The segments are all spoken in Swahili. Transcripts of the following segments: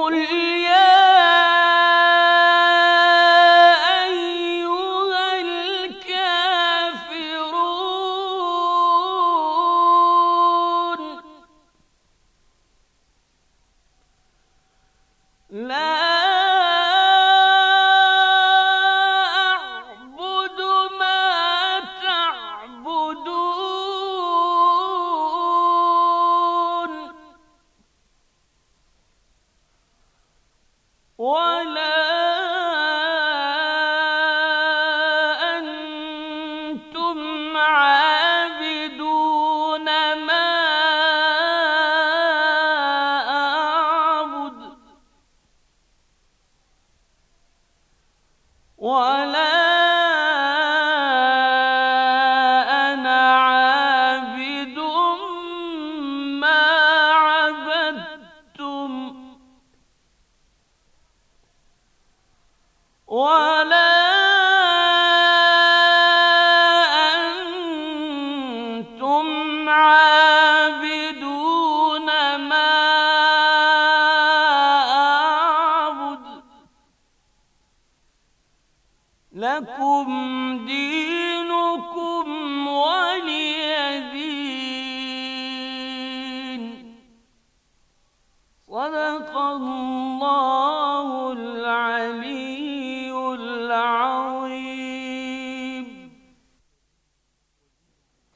قل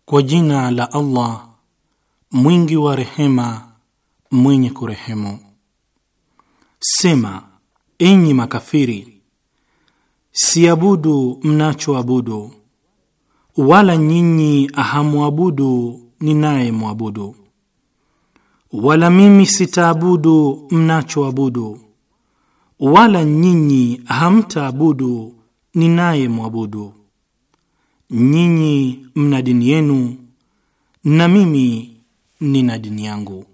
Kwa jina la Allah mwingi wa rehema mwenye kurehemu. Sema, enyi makafiri Siabudu mnachoabudu, wala nyinyi hamwabudu naye mwabudu, wala mimi sitaabudu mnachoabudu, wala nyinyi hamtaabudu ni naye mwabudu. Nyinyi mna dini yenu na mimi nina dini yangu.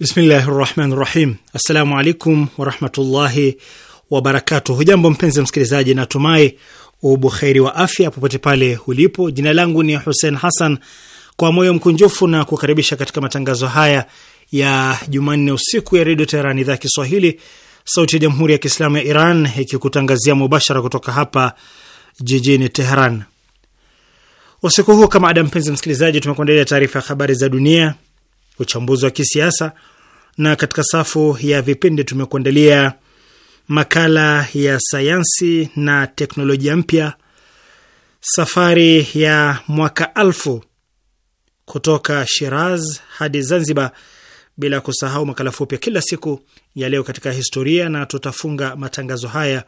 Bismillahi rahmani rahim. Assalamu alaikum warahmatullahi wabarakatu. Hujambo mpenzi msikilizaji, natumai ubuheri wa afya popote pale ulipo. Jina langu ni Hussein Hassan, kwa moyo mkunjufu na kukaribisha katika matangazo haya ya Jumanne usiku ya Redio Teheran, idhaa ya Kiswahili, sauti ya Jamhuri ya Kiislamu ya Iran, ikikutangazia mubashara kutoka hapa jijini Teheran usiku huu. Kama ada, mpenzi msikilizaji, tumekuandalia taarifa ya habari za dunia uchambuzi wa kisiasa, na katika safu ya vipindi tumekuandalia makala ya sayansi na teknolojia mpya, safari ya mwaka alfu kutoka Shiraz hadi Zanzibar, bila kusahau makala fupi ya kila siku ya leo katika historia, na tutafunga matangazo haya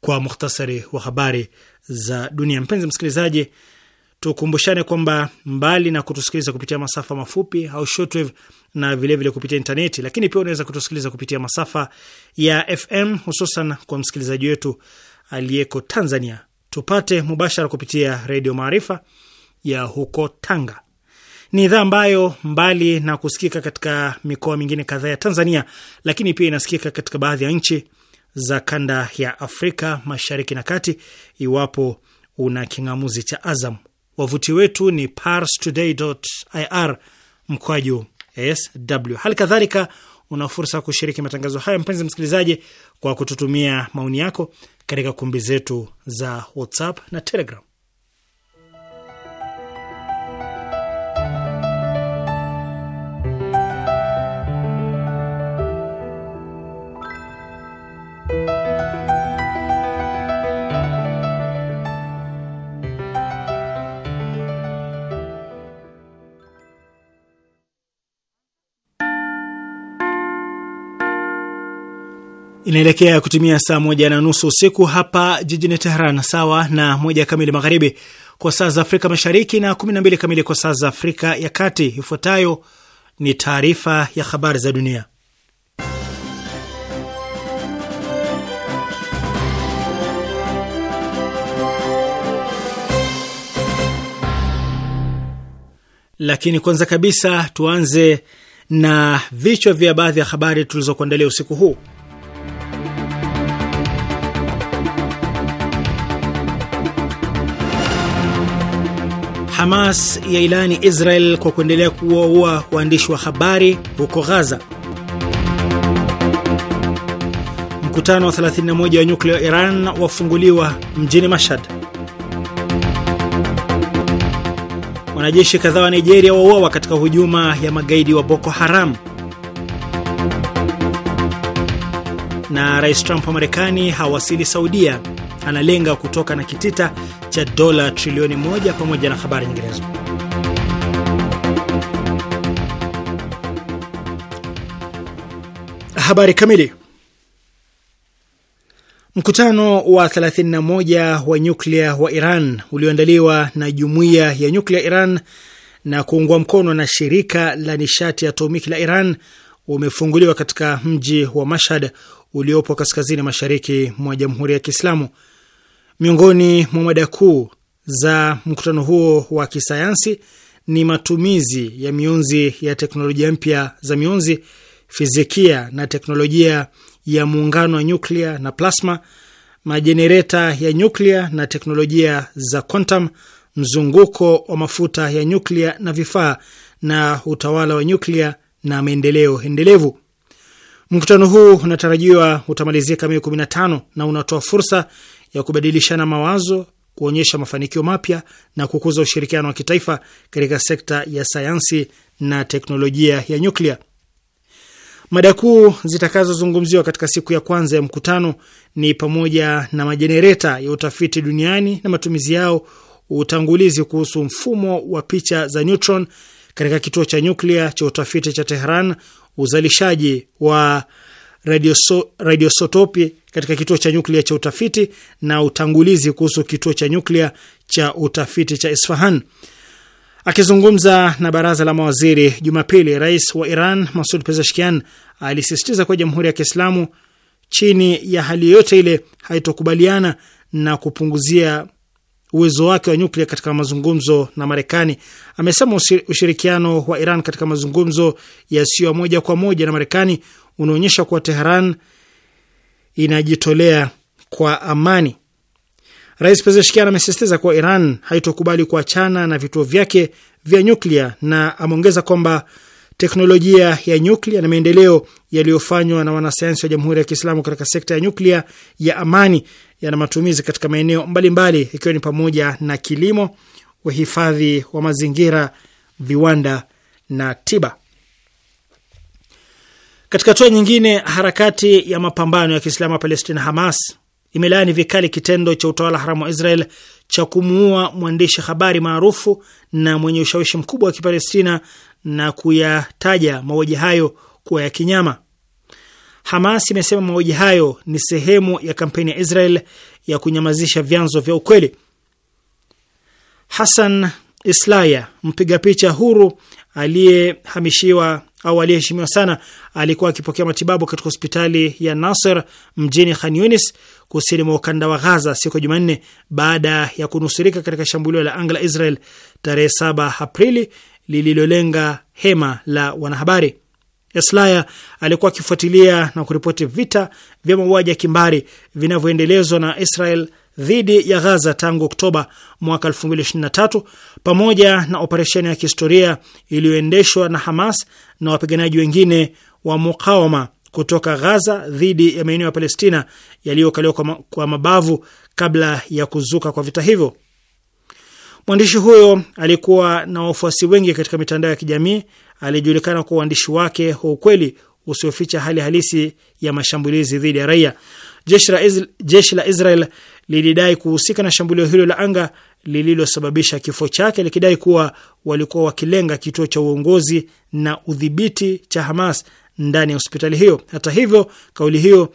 kwa muhtasari wa habari za dunia. Mpenzi msikilizaji Tukumbushane kwamba mbali na kutusikiliza kupitia masafa mafupi au shortwave na vilevile vile kupitia intaneti, lakini pia unaweza kutusikiliza kupitia masafa ya FM, hususan kwa msikilizaji wetu aliyeko Tanzania. Tupate mubashara kupitia Redio Maarifa ya huko Tanga. Ni idhaa ambayo mbali na kusikika katika mikoa mingine kadhaa ya Tanzania, lakini pia inasikika katika baadhi ya nchi za kanda ya Afrika Mashariki na Kati, iwapo una king'amuzi cha Azam. Wavuti wetu ni parstoday.ir mkwaju sw. Hali kadhalika una fursa ya kushiriki matangazo haya, mpenzi msikilizaji, kwa kututumia maoni yako katika kumbi zetu za WhatsApp na Telegram. inaelekea kutumia saa moja na nusu usiku hapa jijini teheran sawa na moja kamili magharibi kwa saa za Afrika Mashariki na mbili kamili kwa saa za Afrika ya Kati. Ifuatayo ni taarifa ya habari za dunia, lakini kwanza kabisa tuanze na vichwa vya baadhi ya habari tulizokuandalia usiku huu. Hamas yailani Israel kwa kuendelea kuwaua waandishi wa habari huko Ghaza. Mkutano wa 31 wa nyuklia wa Iran wafunguliwa mjini Mashhad. Wanajeshi kadhaa wa Nigeria wauawa katika hujuma ya magaidi wa Boko Haram. Na Rais Trump wa Marekani hawasili Saudia analenga kutoka na kitita cha dola trilioni moja pamoja na habari nyinginezo. Habari kamili. Mkutano wa 31 wa nyuklia wa Iran ulioandaliwa na jumuiya ya nyuklia Iran na kuungwa mkono na shirika la nishati ya atomiki la Iran umefunguliwa katika mji wa Mashhad uliopo kaskazini mashariki mwa Jamhuri ya Kiislamu. Miongoni mwa mada kuu za mkutano huo wa kisayansi ni matumizi ya mionzi ya teknolojia mpya za mionzi, fizikia na teknolojia ya muungano wa nyuklia na plasma, majenereta ya nyuklia na teknolojia za quantum, mzunguko wa mafuta ya nyuklia na vifaa, na utawala wa nyuklia na maendeleo endelevu. Mkutano huu unatarajiwa utamalizika Mei 15 na unatoa fursa ya kubadilishana mawazo, kuonyesha mafanikio mapya na kukuza ushirikiano wa kitaifa katika sekta ya sayansi na teknolojia ya nyuklia. Mada kuu zitakazozungumziwa katika siku ya kwanza ya mkutano ni pamoja na majenereta ya utafiti duniani na matumizi yao, utangulizi kuhusu mfumo wa picha za neutron katika kituo cha nyuklia cha utafiti cha Tehran, uzalishaji wa radio sotopi katika kituo cha nyuklia cha utafiti na utangulizi kuhusu kituo cha nyuklia cha utafiti cha Isfahan. Akizungumza na baraza la mawaziri Jumapili, rais wa Iran Masud Pezeshkian alisisitiza kuwa Jamhuri ya Kiislamu chini ya hali yoyote ile haitokubaliana na kupunguzia uwezo wake wa nyuklia katika mazungumzo na Marekani. Amesema ushirikiano wa Iran katika mazungumzo yasiyo moja kwa moja na Marekani unaonyesha kuwa Teheran inajitolea kwa amani. Rais Pezeshkian amesisitiza kuwa Iran haitokubali kuachana na vituo vyake vya nyuklia na ameongeza kwamba teknolojia ya nyuklia na maendeleo yaliyofanywa na wanasayansi wa Jamhuri ya Kiislamu katika sekta ya nyuklia ya amani yana matumizi katika maeneo mbalimbali ikiwa ni pamoja na kilimo, uhifadhi wa mazingira, viwanda na tiba. Katika hatua nyingine, harakati ya mapambano ya Kiislamu ya Palestina, Hamas, imelaani vikali kitendo cha utawala haramu wa Israel cha kumuua mwandishi habari maarufu na mwenye ushawishi mkubwa wa Kipalestina na kuyataja mauaji hayo kuwa ya kinyama. Hamas imesema mauaji hayo ni sehemu ya kampeni ya Israel ya kunyamazisha vyanzo vya ukweli. Hassan Islaya, mpiga picha huru aliyehamishiwa au aliyeheshimiwa sana alikuwa akipokea matibabu katika hospitali ya Nasser mjini Khan Yunis kusini mwa ukanda wa Ghaza siku ya Jumanne baada ya kunusurika katika shambulio la anga la Israel tarehe 7 Aprili lililolenga hema la wanahabari. Eslaya alikuwa akifuatilia na kuripoti vita vya mauaji ya kimbari vinavyoendelezwa na Israel dhidi ya Ghaza tangu Oktoba mwaka 2023 pamoja na operesheni ya kihistoria iliyoendeshwa na Hamas na wapiganaji wengine wa mukawama kutoka Ghaza dhidi ya maeneo ya Palestina yaliyokaliwa kwa mabavu kabla ya kuzuka kwa vita hivyo. Mwandishi huyo alikuwa na wafuasi wengi katika mitandao ya kijamii. Alijulikana kwa uandishi wake wa ukweli usioficha hali halisi ya mashambulizi dhidi ya raia. Jeshi la Israel lilidai kuhusika na shambulio hilo la anga lililosababisha kifo chake likidai kuwa walikuwa wakilenga kituo cha uongozi na udhibiti cha Hamas ndani ya hospitali hiyo. Hata hivyo, kauli hiyo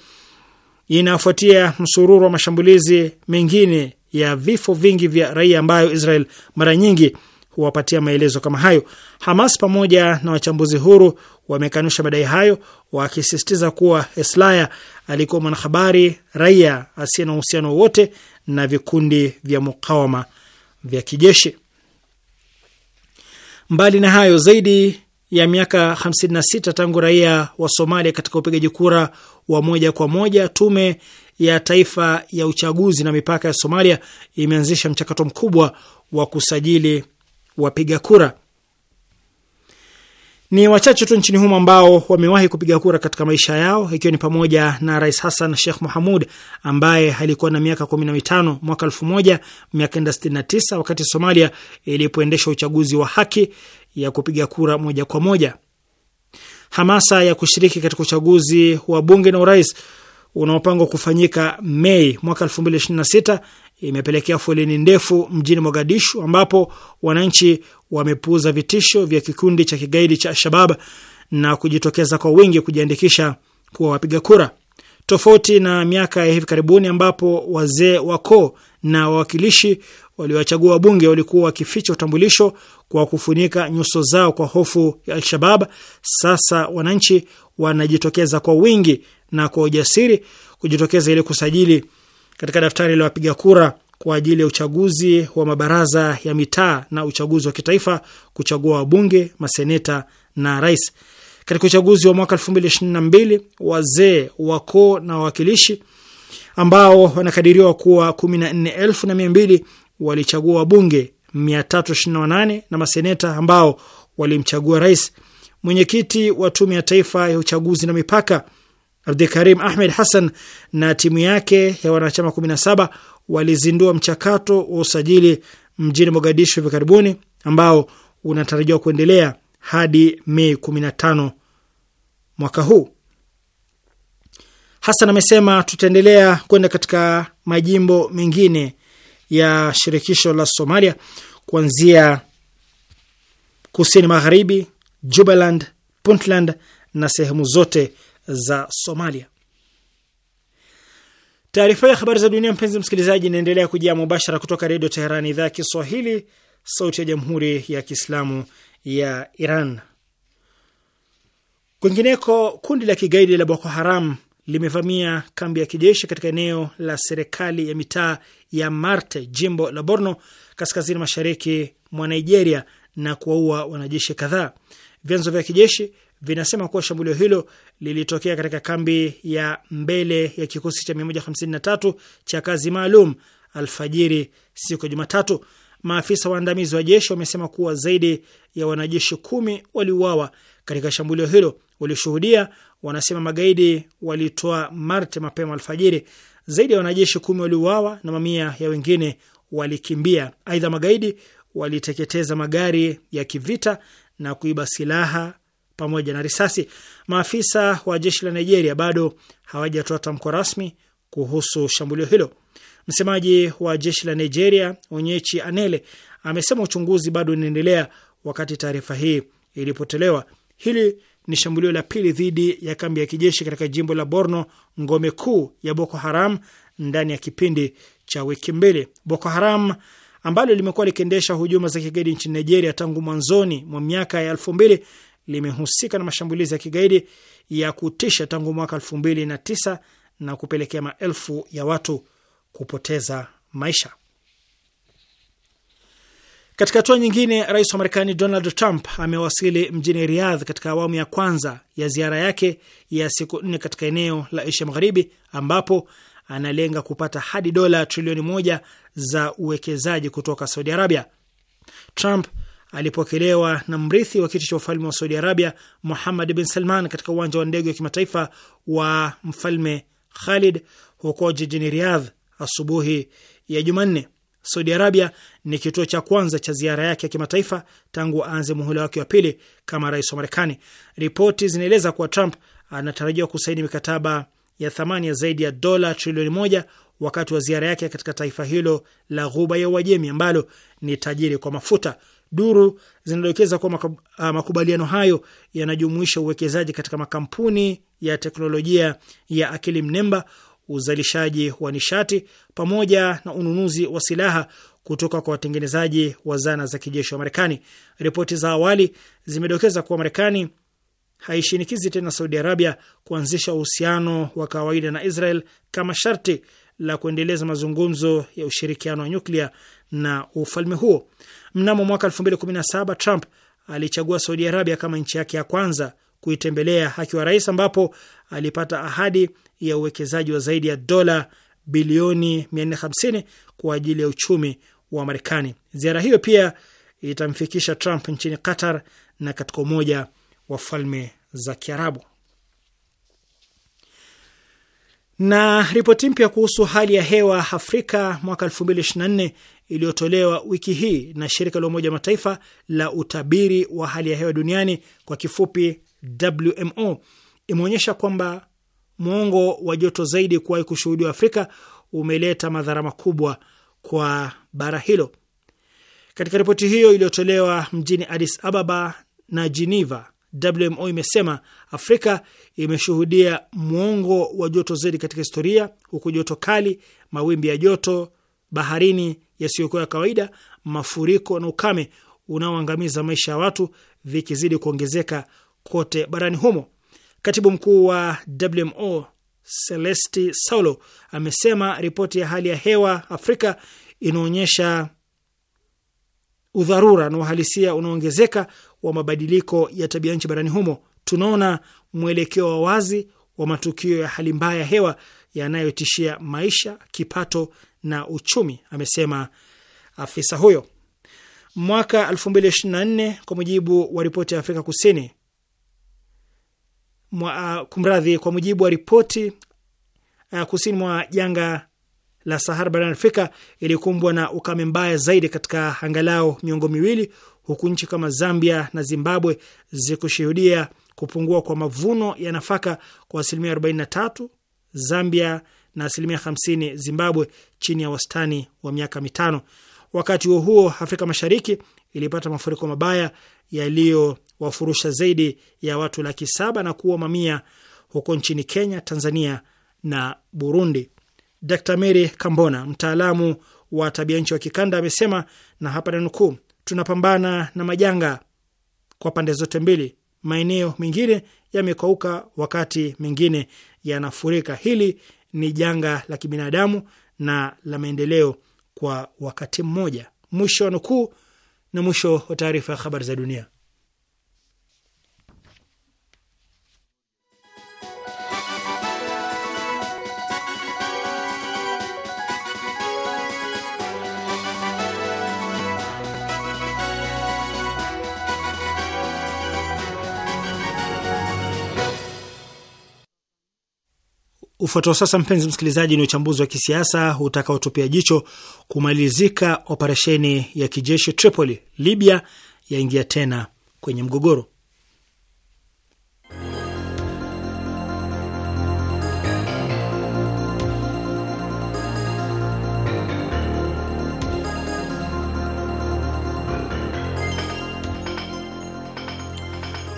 inafuatia msururu wa mashambulizi mengine ya vifo vingi vya raia ambayo Israel mara nyingi huwapatia maelezo kama hayo. Hamas pamoja na wachambuzi huru wamekanusha madai hayo, wakisisitiza kuwa Eslaya alikuwa mwanahabari raia asiye na uhusiano wowote na vikundi vya mukawama vya kijeshi. Mbali na hayo, zaidi ya miaka 56 tangu raia wa Somalia katika upigaji kura wa moja kwa moja, tume ya taifa ya uchaguzi na mipaka ya Somalia imeanzisha mchakato mkubwa wa kusajili wapiga kura. Ni wachache tu nchini humo ambao wamewahi kupiga kura katika maisha yao, ikiwa ni pamoja na Rais Hassan Sheikh Mohamud ambaye alikuwa na miaka 15 mwaka 1969 wakati Somalia ilipoendesha uchaguzi wa haki ya kupiga kura moja kwa moja. Hamasa ya kushiriki katika uchaguzi wa bunge na urais unaopangwa kufanyika Mei mwaka 2026 imepelekea foleni ndefu mjini Mogadishu, ambapo wananchi wamepuuza vitisho vya kikundi cha kigaidi cha Alshabab na kujitokeza kwa wingi kujiandikisha kuwa wapiga kura, tofauti na miaka ya hivi karibuni ambapo wazee wako na wawakilishi waliowachagua wabunge walikuwa wakificha utambulisho kwa kufunika nyuso zao kwa hofu ya Alshabab. Sasa wananchi wanajitokeza kwa wingi na kwa ujasiri kujitokeza ili kusajili katika daftari la wapiga kura kwa ajili ya uchaguzi wa mabaraza ya mitaa na uchaguzi wa kitaifa kuchagua wabunge, maseneta na rais. Katika uchaguzi wa mwaka 2022 wazee, wakoo na wawakilishi ambao wanakadiriwa kuwa 14,200 walichagua wabunge 328 na maseneta ambao walimchagua rais. Mwenyekiti wa Tume ya Taifa ya Uchaguzi na Mipaka Abdikarim Ahmed Hassan na timu yake ya wanachama 17 walizindua mchakato wa usajili mjini Mogadishu hivi karibuni ambao unatarajiwa kuendelea hadi Mei 15 mwaka huu. Hassan amesema tutaendelea kwenda katika majimbo mengine ya shirikisho la Somalia kuanzia kusini magharibi, Jubaland, Puntland na sehemu zote za Somalia. Taarifa ya habari za dunia, mpenzi msikilizaji, inaendelea kujia mubashara kutoka Redio Teherani, idhaa ya Kiswahili, sauti ya Jamhuri ya Kiislamu ya Iran. Kwingineko, kundi la kigaidi la Boko Haram limevamia kambi ya kijeshi katika eneo la serikali ya mitaa ya Marte, jimbo la Borno, kaskazini mashariki mwa Nigeria na kuwaua wanajeshi kadhaa. Vyanzo vya kijeshi vinasema kuwa shambulio hilo lilitokea katika kambi ya mbele ya kikosi cha 153 cha kazi maalum alfajiri siku ya Jumatatu. Maafisa waandamizi wa jeshi wamesema kuwa zaidi ya wanajeshi kumi waliuawa katika shambulio hilo. Walioshuhudia wanasema magaidi walitoa marte mapema alfajiri. Zaidi ya wanajeshi kumi waliuawa na mamia ya wengine walikimbia. Aidha, magaidi waliteketeza magari ya kivita na kuiba silaha pamoja na risasi. Maafisa wa jeshi la Nigeria bado hawajatoa tamko rasmi kuhusu shambulio hilo. Msemaji wa jeshi la Nigeria Onyechi Anele amesema uchunguzi bado unaendelea wakati taarifa hii ilipotolewa. Hili ni shambulio la pili dhidi ya kambi ya kijeshi katika jimbo la Borno, ngome kuu ya Boko Haram, ndani ya kipindi cha wiki mbili. Boko Haram ambalo limekuwa likiendesha hujuma za kigaidi nchini Nigeria tangu mwanzoni mwa miaka ya elfu mbili limehusika na mashambulizi ya kigaidi ya kutisha tangu mwaka elfu mbili na tisa na kupelekea maelfu ya watu kupoteza maisha. Katika hatua nyingine, rais wa Marekani Donald Trump amewasili mjini Riyadh katika awamu ya kwanza ya ziara yake ya siku nne katika eneo la Asia Magharibi, ambapo analenga kupata hadi dola trilioni moja za uwekezaji kutoka Saudi Arabia. Trump alipokelewa na mrithi wa kiti cha ufalme wa Saudi Arabia Muhammad bin Salman katika uwanja wa ndege wa kimataifa wa mfalme Khalid huko jijini Riyadh asubuhi ya Jumanne. Saudi Arabia ni kituo cha kwanza cha ziara yake ya kimataifa tangu aanze muhula wake wa pili kama rais wa Marekani. Ripoti zinaeleza kuwa Trump anatarajiwa kusaini mikataba ya thamani ya zaidi ya dola trilioni moja wakati wa ziara yake katika taifa hilo la Ghuba ya Uajemi ambalo ni tajiri kwa mafuta. Duru zinadokeza kuwa ah, makubaliano hayo yanajumuisha uwekezaji katika makampuni ya teknolojia ya akili mnemba, uzalishaji wa nishati, pamoja na ununuzi wa silaha kutoka kwa watengenezaji wa zana za kijeshi wa Marekani. Ripoti za awali zimedokeza kuwa Marekani haishinikizi tena Saudi Arabia kuanzisha uhusiano wa kawaida na Israel kama sharti la kuendeleza mazungumzo ya ushirikiano wa nyuklia na ufalme huo. Mnamo mwaka 2017 Trump alichagua Saudi Arabia kama nchi yake ya kwanza kuitembelea akiwa rais, ambapo alipata ahadi ya uwekezaji wa zaidi ya dola bilioni 450 kwa ajili ya uchumi wa Marekani. Ziara hiyo pia itamfikisha Trump nchini Qatar na katika Umoja wa Falme za Kiarabu. Na ripoti mpya kuhusu hali ya hewa Afrika mwaka 2024 iliyotolewa wiki hii na shirika la Umoja Mataifa la utabiri wa hali ya hewa duniani kwa kifupi WMO imeonyesha kwamba mwongo wa joto zaidi kuwahi kushuhudiwa Afrika umeleta madhara makubwa kwa bara hilo. Katika ripoti hiyo iliyotolewa mjini Addis Ababa na Geneva WMO imesema Afrika imeshuhudia mwongo wa joto zaidi katika historia, huku joto kali, mawimbi ya joto baharini yasiyokuwa ya kawaida, mafuriko na ukame unaoangamiza maisha ya watu vikizidi kuongezeka kote barani humo. Katibu mkuu wa WMO Celesti Saulo amesema ripoti ya hali ya hewa Afrika inaonyesha udharura na uhalisia unaoongezeka wa mabadiliko ya tabia nchi barani humo, tunaona mwelekeo wa wazi wa matukio ya hali mbaya ya hewa yanayotishia maisha, kipato na uchumi, amesema afisa huyo. Mwaka 2024 kwa mujibu wa ripoti ya Afrika Kusini mwa, kumradhi, kwa mujibu wa ripoti uh, kusini mwa janga la Sahara barani Afrika ilikumbwa na ukame mbaya zaidi katika angalau miongo miwili huku nchi kama Zambia na Zimbabwe zikushuhudia kupungua kwa mavuno ya nafaka kwa asilimia 43, Zambia na asilimia 50, Zimbabwe chini ya wastani wa miaka mitano. Wakati huo huo, Afrika Mashariki ilipata mafuriko mabaya yaliyowafurusha zaidi ya watu laki saba na kuwa mamia huko nchini Kenya, Tanzania na Burundi. d Mary Kambona, mtaalamu wa tabia nchi wa kikanda, amesema na hapa nanukuu, tunapambana na majanga kwa pande zote mbili. Maeneo mengine yamekauka, wakati mengine yanafurika. Hili ni janga la kibinadamu na la maendeleo kwa wakati mmoja. Mwisho wa nukuu na mwisho wa taarifa ya habari za dunia. Ufuatao sasa, mpenzi msikilizaji, ni uchambuzi wa kisiasa utakaotupia jicho kumalizika operesheni ya kijeshi Tripoli, Libya yaingia tena kwenye mgogoro.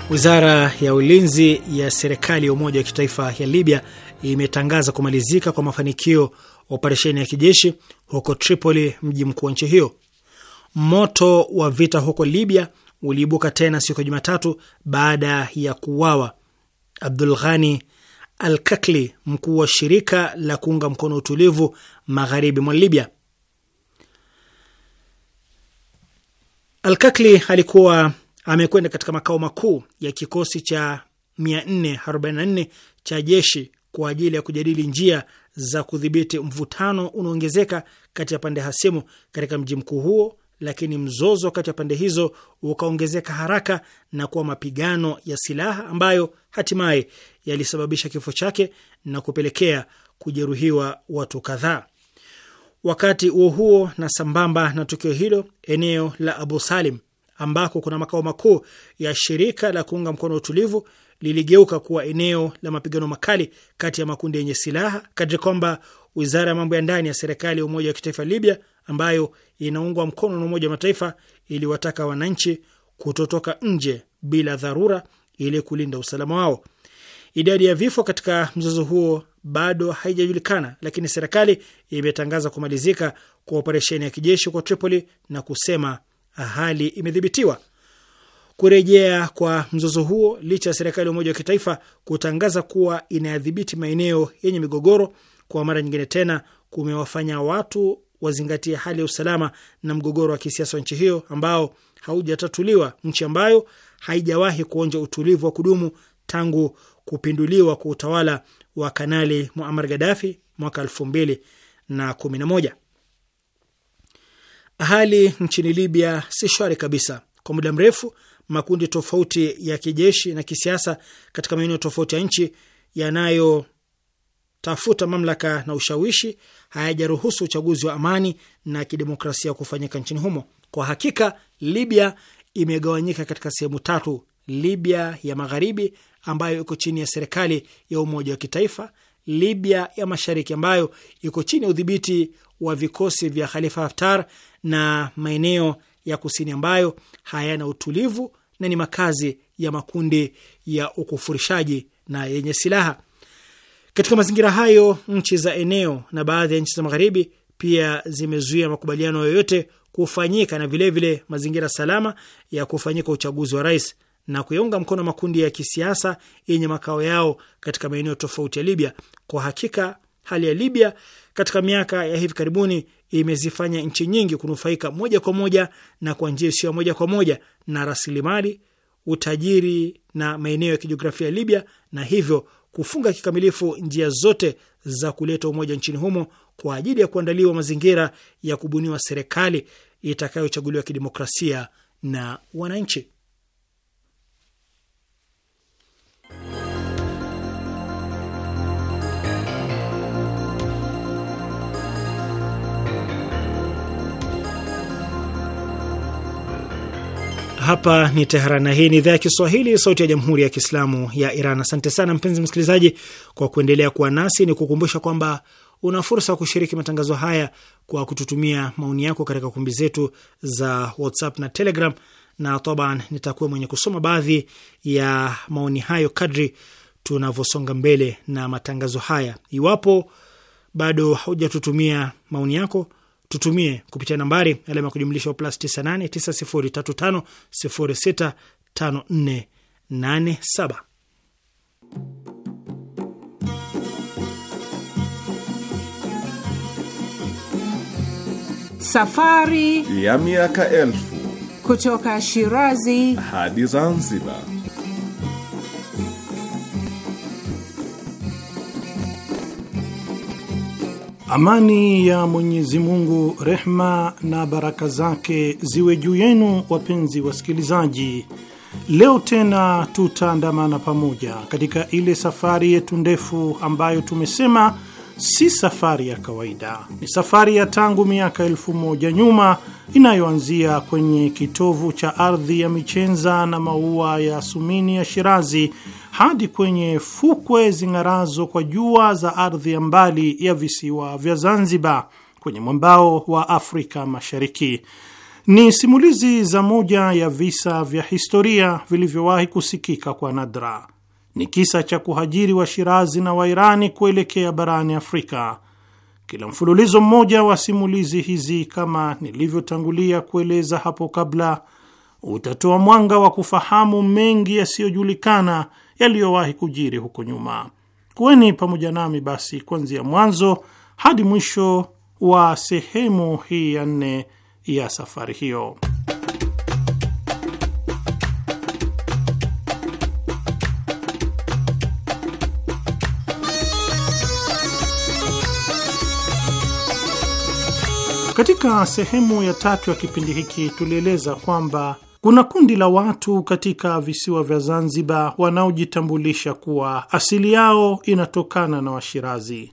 Wizara ya ulinzi ya serikali ya Umoja wa Kitaifa ya Libya imetangaza kumalizika kwa mafanikio operesheni ya kijeshi huko Tripoli, mji mkuu wa nchi hiyo. Moto wa vita huko Libya uliibuka tena siku ya Jumatatu baada ya kuuawa Abdul Ghani Al Kakli, mkuu wa shirika la kuunga mkono utulivu magharibi mwa Libya. Al Kakli alikuwa amekwenda katika makao makuu ya kikosi cha 444 cha jeshi kwa ajili ya kujadili njia za kudhibiti mvutano unaongezeka kati ya pande hasimu katika mji mkuu huo, lakini mzozo kati ya pande hizo ukaongezeka haraka na kuwa mapigano ya silaha ambayo hatimaye yalisababisha kifo chake na kupelekea kujeruhiwa watu kadhaa. Wakati huo huo na sambamba na tukio hilo, eneo la Abu Salim ambako kuna makao makuu ya shirika la kuunga mkono utulivu liligeuka kuwa eneo la mapigano makali kati ya makundi yenye silaha kadri kwamba wizara ya mambo ya ndani ya serikali ya Umoja wa Kitaifa Libya, ambayo inaungwa mkono na Umoja wa Mataifa, iliwataka wananchi kutotoka nje bila dharura ili kulinda usalama wao. Idadi ya vifo katika mzozo huo bado haijajulikana, lakini serikali imetangaza kumalizika kwa operesheni ya kijeshi kwa Tripoli na kusema hali imedhibitiwa kurejea kwa mzozo huo licha ya serikali ya Umoja wa Kitaifa kutangaza kuwa inayadhibiti maeneo yenye migogoro kwa mara nyingine tena kumewafanya watu wazingatie hali ya usalama na mgogoro wa kisiasa wa nchi hiyo ambao haujatatuliwa, nchi ambayo haijawahi kuonja utulivu wa kudumu tangu kupinduliwa kwa utawala wa Kanali Muammar Gaddafi mwaka elfu mbili na kumi na moja. Hali nchini Libya si shwari kabisa kwa muda mrefu makundi tofauti ya kijeshi na kisiasa katika maeneo tofauti ya nchi yanayotafuta mamlaka na ushawishi hayajaruhusu uchaguzi wa amani na kidemokrasia kufanyika nchini humo. Kwa hakika, Libya imegawanyika katika sehemu tatu: Libya ya magharibi ambayo iko chini ya serikali ya umoja wa kitaifa, Libya ya mashariki ambayo iko chini ya udhibiti wa vikosi vya Khalifa Haftar na maeneo ya kusini ambayo hayana utulivu na ni makazi ya makundi ya ukufurishaji na yenye silaha. Katika mazingira hayo, nchi za eneo na baadhi ya nchi za magharibi pia zimezuia makubaliano yoyote kufanyika na vilevile vile mazingira salama ya kufanyika uchaguzi wa rais na kuyaunga mkono makundi ya kisiasa yenye makao yao katika maeneo tofauti ya Libya. Kwa hakika hali ya Libya katika miaka ya hivi karibuni imezifanya nchi nyingi kunufaika moja kwa moja na kwa njia isiyo moja kwa moja na rasilimali, utajiri na maeneo ya kijiografia ya Libya, na hivyo kufunga kikamilifu njia zote za kuleta umoja nchini humo kwa ajili ya kuandaliwa mazingira ya kubuniwa serikali itakayochaguliwa kidemokrasia na wananchi. Hapa ni teharana na hii ni idhaa ya Kiswahili, sauti ya jamhuri ya kiislamu ya Iran. Asante sana mpenzi msikilizaji kwa kuendelea kuwa nasi. Ni kukumbusha kwamba una fursa ya kushiriki matangazo haya kwa kututumia maoni yako katika kumbi zetu za WhatsApp na Telegram, na taban nitakuwa mwenye kusoma baadhi ya maoni hayo kadri tunavyosonga mbele na matangazo haya. Iwapo bado haujatutumia maoni yako tutumie kupitia nambari alama ya kujumlisha plus 98 Safari ya miaka elfu kutoka Shirazi hadi Zanzibar Amani ya Mwenyezi Mungu, rehma na baraka zake ziwe juu yenu, wapenzi wasikilizaji. Leo tena tutaandamana pamoja katika ile safari yetu ndefu ambayo tumesema si safari ya kawaida, ni safari ya tangu miaka elfu moja nyuma inayoanzia kwenye kitovu cha ardhi ya michenza na maua ya sumini ya Shirazi hadi kwenye fukwe zing'arazo kwa jua za ardhi ya mbali ya visiwa vya Zanzibar kwenye mwambao wa Afrika Mashariki. Ni simulizi za moja ya visa vya historia vilivyowahi kusikika kwa nadra. Ni kisa cha kuhajiri wa Shirazi na Wairani kuelekea barani Afrika. Kila mfululizo mmoja wa simulizi hizi, kama nilivyotangulia kueleza hapo kabla, utatoa mwanga wa kufahamu mengi yasiyojulikana yaliyowahi kujiri huko nyuma. Kuweni pamoja nami basi kuanzia mwanzo hadi mwisho wa sehemu hii ya nne ya safari hiyo. Katika sehemu ya tatu ya kipindi hiki tulieleza kwamba kuna kundi la watu katika visiwa vya Zanzibar wanaojitambulisha kuwa asili yao inatokana na Washirazi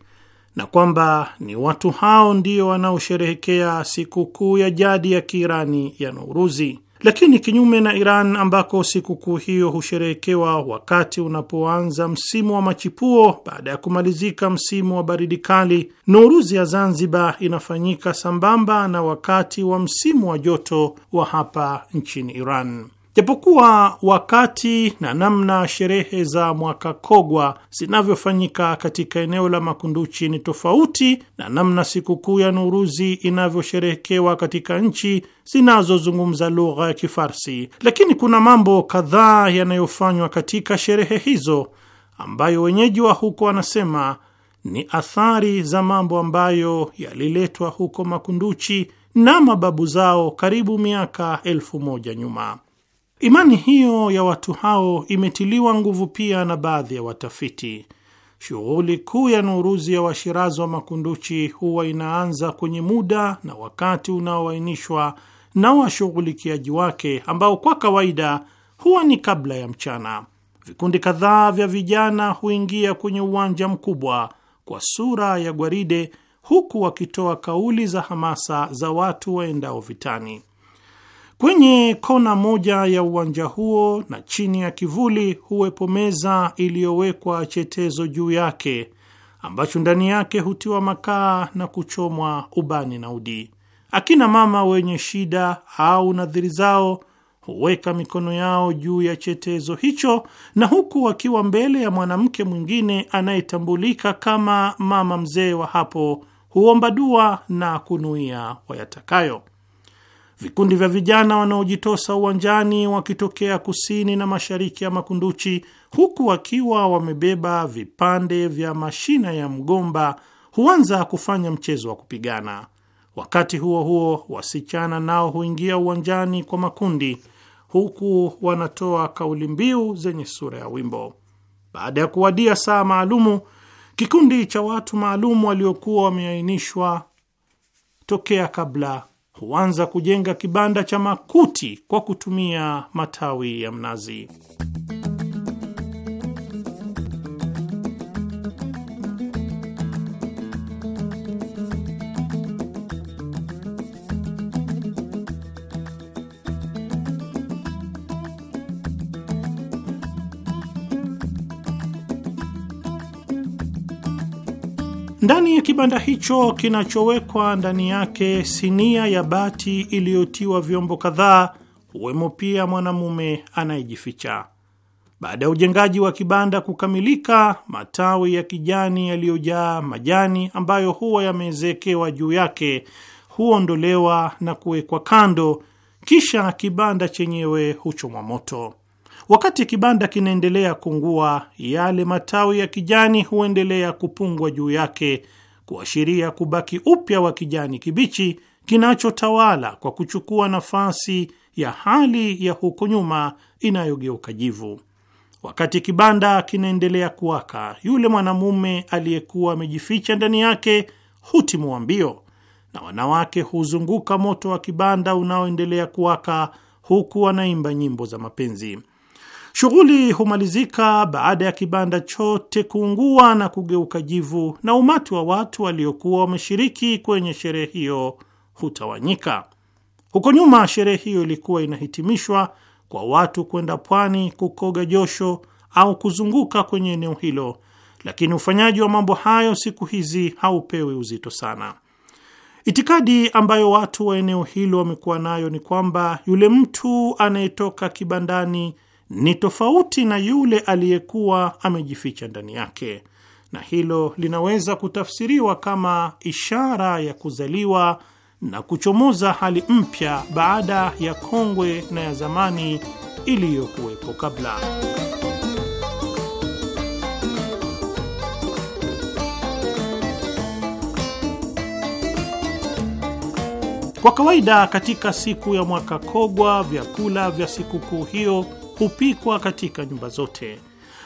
na kwamba ni watu hao ndio wanaosherehekea sikukuu ya jadi ya Kiirani ya Nauruzi. Lakini kinyume na Iran ambako sikukuu hiyo husherehekewa wakati unapoanza msimu wa machipuo baada ya kumalizika msimu wa baridi kali, Nouruzi ya Zanzibar inafanyika sambamba na wakati wa msimu wa joto wa hapa nchini Iran. Japokuwa wakati na namna sherehe za mwaka kogwa zinavyofanyika katika eneo la Makunduchi ni tofauti na namna sikukuu ya Nuruzi inavyosherehekewa katika nchi zinazozungumza lugha ya Kifarsi, lakini kuna mambo kadhaa yanayofanywa katika sherehe hizo ambayo wenyeji wa huko wanasema ni athari za mambo ambayo yaliletwa huko Makunduchi na mababu zao karibu miaka elfu moja nyuma. Imani hiyo ya watu hao imetiliwa nguvu pia na baadhi ya watafiti. Shughuli kuu ya Nuruzi ya Washirazi wa Makunduchi huwa inaanza kwenye muda na wakati unaoainishwa na washughulikiaji wake ambao kwa kawaida huwa ni kabla ya mchana. Vikundi kadhaa vya vijana huingia kwenye uwanja mkubwa kwa sura ya gwaride, huku wakitoa kauli za hamasa za watu waendao vitani. Kwenye kona moja ya uwanja huo na chini ya kivuli huwepo meza iliyowekwa chetezo juu yake ambacho ndani yake hutiwa makaa na kuchomwa ubani na udi. Akina mama wenye shida au nadhiri zao huweka mikono yao juu ya chetezo hicho, na huku wakiwa mbele ya mwanamke mwingine anayetambulika kama mama mzee wa hapo, huomba dua na kunuia wayatakayo. Vikundi vya vijana wanaojitosa uwanjani wakitokea kusini na mashariki ya Makunduchi, huku wakiwa wamebeba vipande vya mashina ya mgomba, huanza kufanya mchezo wa kupigana. Wakati huo huo, wasichana nao huingia uwanjani kwa makundi, huku wanatoa kauli mbiu zenye sura ya wimbo. Baada ya kuwadia saa maalumu, kikundi cha watu maalum waliokuwa wameainishwa tokea kabla huanza kujenga kibanda cha makuti kwa kutumia matawi ya mnazi. Ndani ya kibanda hicho kinachowekwa ndani yake sinia ya bati iliyotiwa vyombo kadhaa, huwemo pia mwanamume anayejificha. Baada ya ujengaji wa kibanda kukamilika, matawi ya kijani yaliyojaa majani ambayo huwa yameezekewa juu yake huondolewa na kuwekwa kando, kisha kibanda chenyewe huchomwa moto. Wakati kibanda kinaendelea kungua, yale matawi ya kijani huendelea kupungwa juu yake, kuashiria kubaki upya wa kijani kibichi kinachotawala kwa kuchukua nafasi ya hali ya huko nyuma inayogeuka jivu. Wakati kibanda kinaendelea kuwaka, yule mwanamume aliyekuwa amejificha ndani yake hutimua mbio na wanawake huzunguka moto wa kibanda unaoendelea kuwaka, huku wanaimba nyimbo za mapenzi. Shughuli humalizika baada ya kibanda chote kuungua na kugeuka jivu, na umati wa watu waliokuwa wameshiriki kwenye sherehe hiyo hutawanyika. Huko nyuma, sherehe hiyo ilikuwa inahitimishwa kwa watu kwenda pwani kukoga josho au kuzunguka kwenye eneo hilo, lakini ufanyaji wa mambo hayo siku hizi haupewi uzito sana. Itikadi ambayo watu wa eneo hilo wamekuwa nayo ni kwamba yule mtu anayetoka kibandani ni tofauti na yule aliyekuwa amejificha ndani yake, na hilo linaweza kutafsiriwa kama ishara ya kuzaliwa na kuchomoza hali mpya baada ya kongwe na ya zamani iliyokuwepo kabla. Kwa kawaida katika siku ya mwaka Kogwa, vyakula vya sikukuu hiyo hupikwa katika nyumba zote.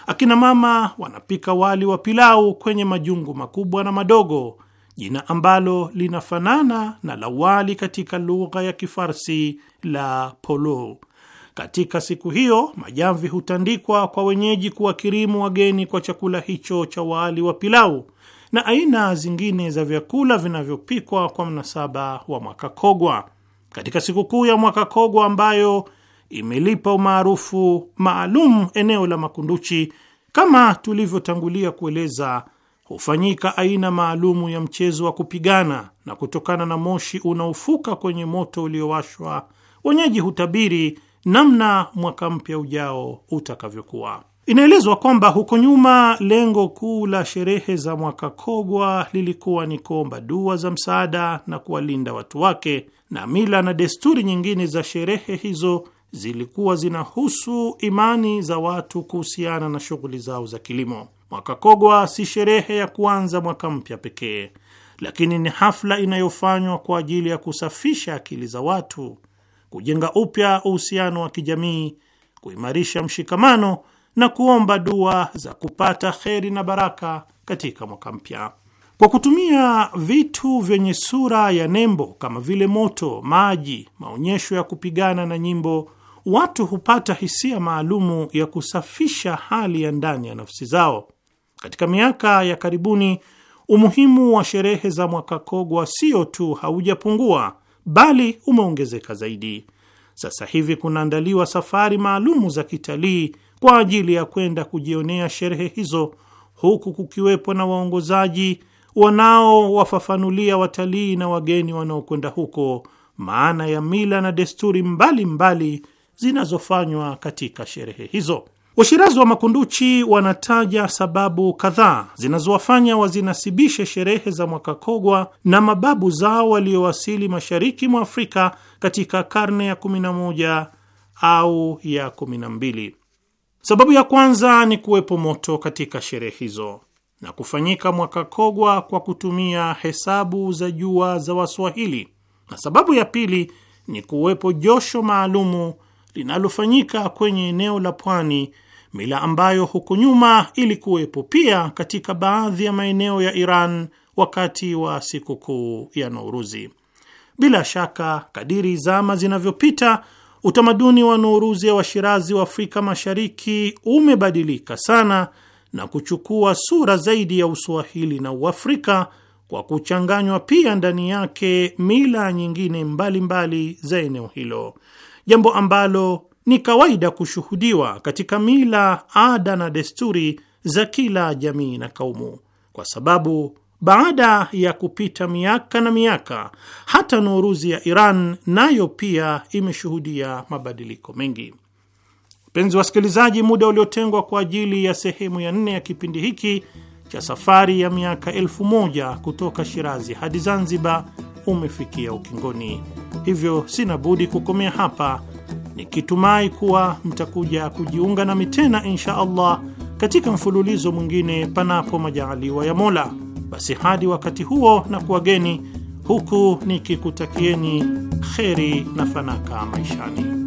Akina mama wanapika wali wa pilau kwenye majungu makubwa na madogo, jina ambalo linafanana na la wali katika lugha ya Kifarsi la polo. Katika siku hiyo majamvi hutandikwa kwa wenyeji kuwakirimu wageni kwa chakula hicho cha wali wa pilau na aina zingine za vyakula vinavyopikwa kwa mnasaba wa Mwaka Kogwa. Katika sikukuu ya Mwaka Kogwa ambayo imelipa umaarufu maalum eneo la Makunduchi. Kama tulivyotangulia kueleza, hufanyika aina maalumu ya mchezo wa kupigana, na kutokana na moshi unaofuka kwenye moto uliowashwa, wenyeji hutabiri namna mwaka mpya ujao utakavyokuwa. Inaelezwa kwamba huko nyuma lengo kuu la sherehe za mwaka Kogwa lilikuwa ni kuomba dua za msaada na kuwalinda watu wake, na mila na desturi nyingine za sherehe hizo zilikuwa zinahusu imani za watu kuhusiana na shughuli zao za kilimo. Mwaka Kogwa si sherehe ya kuanza mwaka mpya pekee, lakini ni hafla inayofanywa kwa ajili ya kusafisha akili za watu, kujenga upya uhusiano wa kijamii, kuimarisha mshikamano na kuomba dua za kupata kheri na baraka katika mwaka mpya. Kwa kutumia vitu vyenye sura ya nembo kama vile moto, maji, maonyesho ya kupigana na nyimbo, watu hupata hisia maalumu ya kusafisha hali ya ndani ya nafsi zao. Katika miaka ya karibuni, umuhimu wa sherehe za mwaka Kogwa sio tu haujapungua, bali umeongezeka zaidi. Sasa hivi kunaandaliwa safari maalumu za kitalii kwa ajili ya kwenda kujionea sherehe hizo, huku kukiwepo na waongozaji wanaowafafanulia watalii na wageni wanaokwenda huko maana ya mila na desturi mbalimbali mbali zinazofanywa katika sherehe hizo. Washirazi wa Makunduchi wanataja sababu kadhaa zinazowafanya wazinasibishe sherehe za mwaka Kogwa na mababu zao waliowasili mashariki mwa Afrika katika karne ya 11 au ya 12. Sababu ya kwanza ni kuwepo moto katika sherehe hizo na kufanyika mwaka Kogwa kwa kutumia hesabu za jua za Waswahili, na sababu ya pili ni kuwepo josho maalumu linalofanyika kwenye eneo la pwani, mila ambayo huko nyuma ilikuwepo pia katika baadhi ya maeneo ya Iran wakati wa sikukuu ya Nouruzi. Bila shaka, kadiri zama zinavyopita, utamaduni wa Nouruzi ya Washirazi wa Afrika Mashariki umebadilika sana na kuchukua sura zaidi ya Uswahili na Uafrika kwa kuchanganywa pia ndani yake mila nyingine mbalimbali mbali za eneo hilo jambo ambalo ni kawaida kushuhudiwa katika mila, ada na desturi za kila jamii na kaumu, kwa sababu baada ya kupita miaka na miaka, hata Nuruzi ya Iran nayo pia imeshuhudia mabadiliko mengi. Mpenzi wasikilizaji, muda uliotengwa kwa ajili ya sehemu ya nne ya kipindi hiki cha safari ya miaka elfu moja kutoka Shirazi hadi Zanzibar umefikia ukingoni, hivyo sina budi kukomea hapa nikitumai kuwa mtakuja kujiunga nami tena insha Allah katika mfululizo mwingine, panapo majaaliwa ya Mola. Basi hadi wakati huo, na kuwageni huku nikikutakieni kheri na fanaka maishani.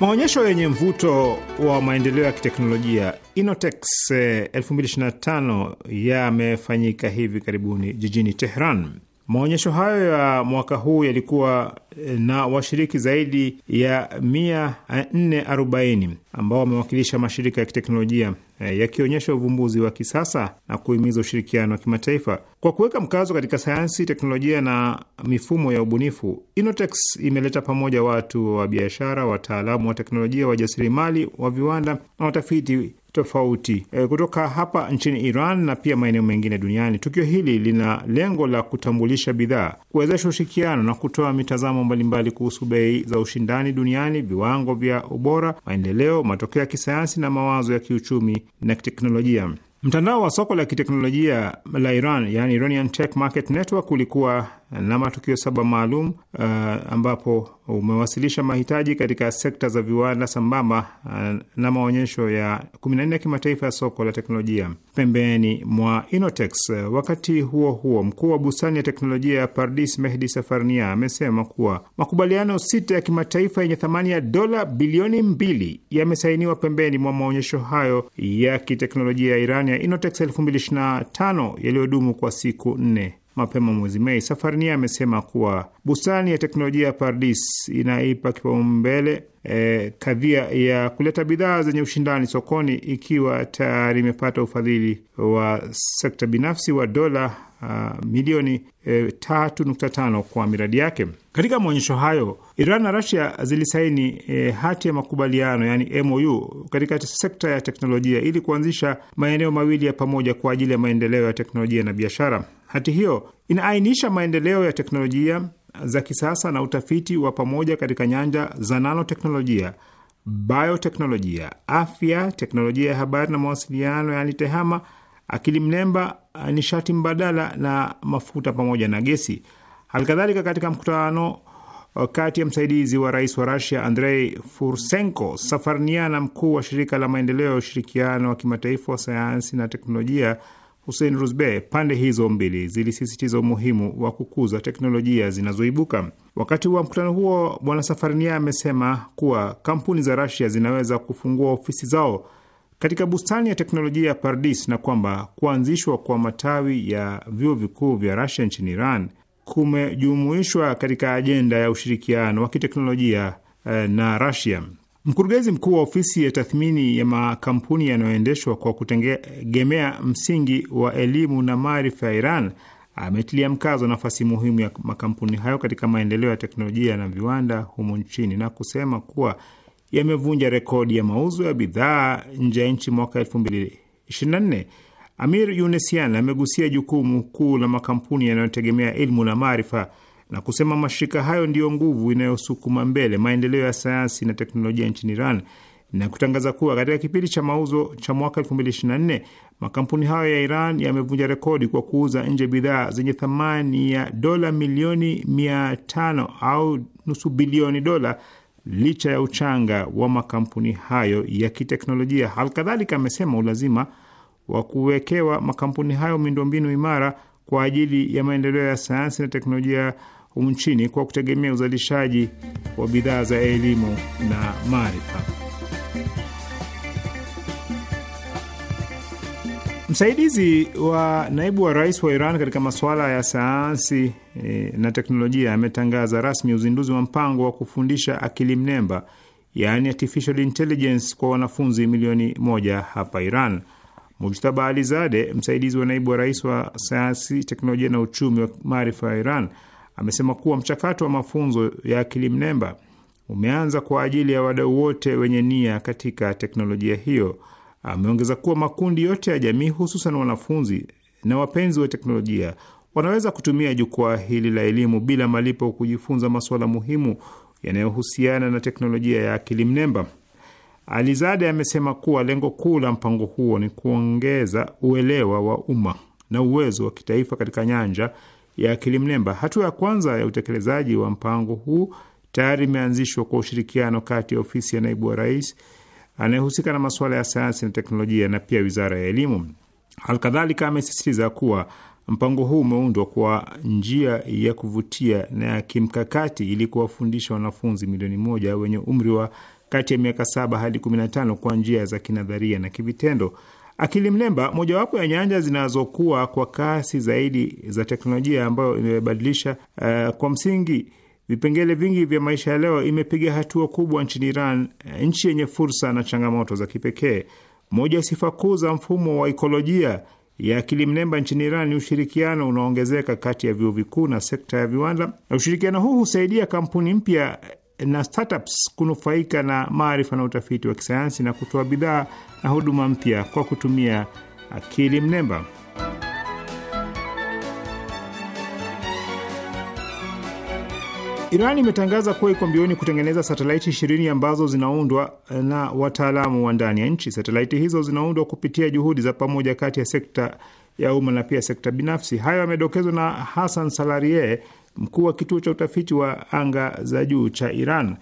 Maonyesho yenye mvuto wa maendeleo ya kiteknolojia inotex 2025 eh, yamefanyika hivi karibuni jijini Tehran. Maonyesho hayo ya mwaka huu yalikuwa eh, na washiriki zaidi ya 440 eh, ambao wamewakilisha mashirika ya kiteknolojia eh, yakionyesha uvumbuzi wa kisasa na kuhimiza ushirikiano wa kimataifa kwa kuweka mkazo katika sayansi, teknolojia na mifumo ya ubunifu. Innotex imeleta pamoja watu wa biashara, wataalamu wa teknolojia, wajasiriamali wa viwanda na watafiti tofauti e, kutoka hapa nchini Iran na pia maeneo mengine duniani. Tukio hili lina lengo la kutambulisha bidhaa, kuwezesha ushirikiano na kutoa mitazamo mbalimbali kuhusu bei za ushindani duniani, viwango vya ubora, maendeleo, matokeo ya kisayansi na mawazo ya kiuchumi na kiteknolojia. Mtandao wa soko la kiteknolojia la Iran, yani Iranian Tech Market Network, ulikuwa na matukio saba maalum uh, ambapo umewasilisha mahitaji katika sekta za viwanda sambamba uh, na maonyesho ya 14 ya kimataifa ya soko la teknolojia pembeni mwa Inotex. Uh, wakati huo huo, mkuu wa bustani ya teknolojia ya Pardis Mehdi Safarnia amesema kuwa makubaliano sita ya kimataifa yenye thamani ya dola bilioni mbili yamesainiwa pembeni mwa maonyesho hayo ya kiteknolojia ya Iran ya Inotex 2025 yaliyodumu kwa siku nne mapema mwezi Mei. Safarnia amesema kuwa bustani ya teknolojia ya Pardis inaipa kipaumbele e, kadhia ya kuleta bidhaa zenye ushindani sokoni, ikiwa tayari imepata ufadhili wa sekta binafsi wa dola Uh, milioni eh, tatu kwa miradi yake. Katika maonyesho hayo, Iran na rasia zilisaini eh, hati ya makubaliano yani MOU katika sekta ya teknolojia ili kuanzisha maeneo mawili ya pamoja kwa ajili ya maendeleo ya teknolojia na biashara. Hati hiyo inaainisha maendeleo ya teknolojia za kisasa na utafiti wa pamoja katika nyanja za nanoteknolojia, bioteknolojia, afya, teknolojia ya habari na mawasiliano, yaani TEHAMA, akili mnemba, nishati mbadala na mafuta pamoja na gesi. Halikadhalika, katika mkutano uh, kati ya msaidizi wa rais wa Rusia Andrei Fursenko Safarnia na mkuu wa shirika la maendeleo ya ushirikiano wa kimataifa wa sayansi na teknolojia Hussein Rusbe, pande hizo mbili zilisisitiza umuhimu wa kukuza teknolojia zinazoibuka. Wakati wa mkutano huo, Bwana Safarinia amesema kuwa kampuni za Rasia zinaweza kufungua ofisi zao katika bustani ya teknolojia ya Pardis na kwamba kuanzishwa kwa matawi ya vyuo vikuu vya Rasia nchini Iran kumejumuishwa katika ajenda ya ushirikiano wa kiteknolojia eh, na Rasia. Mkurugenzi mkuu wa ofisi ya tathmini ya makampuni yanayoendeshwa kwa kutegemea msingi wa elimu na maarifa ya Iran ametilia mkazo nafasi muhimu ya makampuni hayo katika maendeleo ya teknolojia na viwanda humu nchini na kusema kuwa yamevunja rekodi ya mauzo ya bidhaa nje ya nchi mwaka 2024. Amir unesian amegusia jukumu kuu la makampuni yanayotegemea elimu na maarifa na kusema mashirika hayo ndiyo nguvu inayosukuma mbele maendeleo ya sayansi na teknolojia nchini Iran na kutangaza kuwa katika kipindi cha mauzo cha mwaka 2024 makampuni hayo ya Iran yamevunja rekodi kwa kuuza nje bidhaa zenye thamani ya dola milioni 500 au nusu bilioni dola licha ya uchanga wa makampuni hayo ya kiteknolojia. Halikadhalika, amesema ulazima wa kuwekewa makampuni hayo miundombinu imara kwa ajili ya maendeleo ya sayansi na teknolojia humu nchini kwa kutegemea uzalishaji wa bidhaa za elimu na maarifa. Msaidizi wa naibu wa rais wa Iran katika masuala ya sayansi e, na teknolojia ametangaza rasmi uzinduzi wa mpango wa kufundisha akili mnemba, yaani artificial intelligence, kwa wanafunzi milioni moja hapa Iran. Mujtaba Alizade, msaidizi wa naibu wa rais wa sayansi, teknolojia na uchumi wa maarifa ya Iran, amesema kuwa mchakato wa mafunzo ya akili mnemba umeanza kwa ajili ya wadau wote wenye nia katika teknolojia hiyo. Ameongeza kuwa makundi yote ya jamii, hususan wanafunzi na wapenzi wa teknolojia, wanaweza kutumia jukwaa hili la elimu bila malipo kujifunza masuala muhimu yanayohusiana na teknolojia ya akili mnemba. Alizade amesema kuwa lengo kuu la mpango huo ni kuongeza uelewa wa umma na uwezo wa kitaifa katika nyanja ya akili mnemba. Hatua ya kwanza ya utekelezaji wa mpango huu tayari imeanzishwa kwa ushirikiano kati ya ofisi ya naibu wa rais anayehusika na masuala ya sayansi na teknolojia na pia wizara ya elimu. Alkadhalika, amesisitiza kuwa mpango huu umeundwa kwa njia ya kuvutia na ya kimkakati ili kuwafundisha wanafunzi milioni moja wenye umri wa kati ya miaka saba hadi kumi na tano kwa njia za kinadharia na kivitendo. Akili mnemba mojawapo ya nyanja zinazokuwa kwa kasi zaidi za teknolojia ambayo imebadilisha uh, kwa msingi vipengele vingi vya maisha ya leo, imepiga hatua kubwa nchini Iran, eh, nchi yenye fursa na changamoto za kipekee. Moja ya sifa kuu za mfumo wa ikolojia ya akili mnemba nchini Iran ni ushirikiano unaoongezeka kati ya vyuo vikuu na sekta ya viwanda, na ushirikiano huu husaidia kampuni mpya na startups kunufaika na maarifa na utafiti wa kisayansi na kutoa bidhaa na huduma mpya kwa kutumia akili mnemba. Iran imetangaza kuwa iko mbioni kutengeneza satelaiti ishirini ambazo zinaundwa na wataalamu wa ndani ya nchi. Satelaiti hizo zinaundwa kupitia juhudi za pamoja kati ya sekta ya umma na pia sekta binafsi. Hayo yamedokezwa na Hassan Salarie, mkuu wa kituo cha utafiti wa anga za juu cha Iran.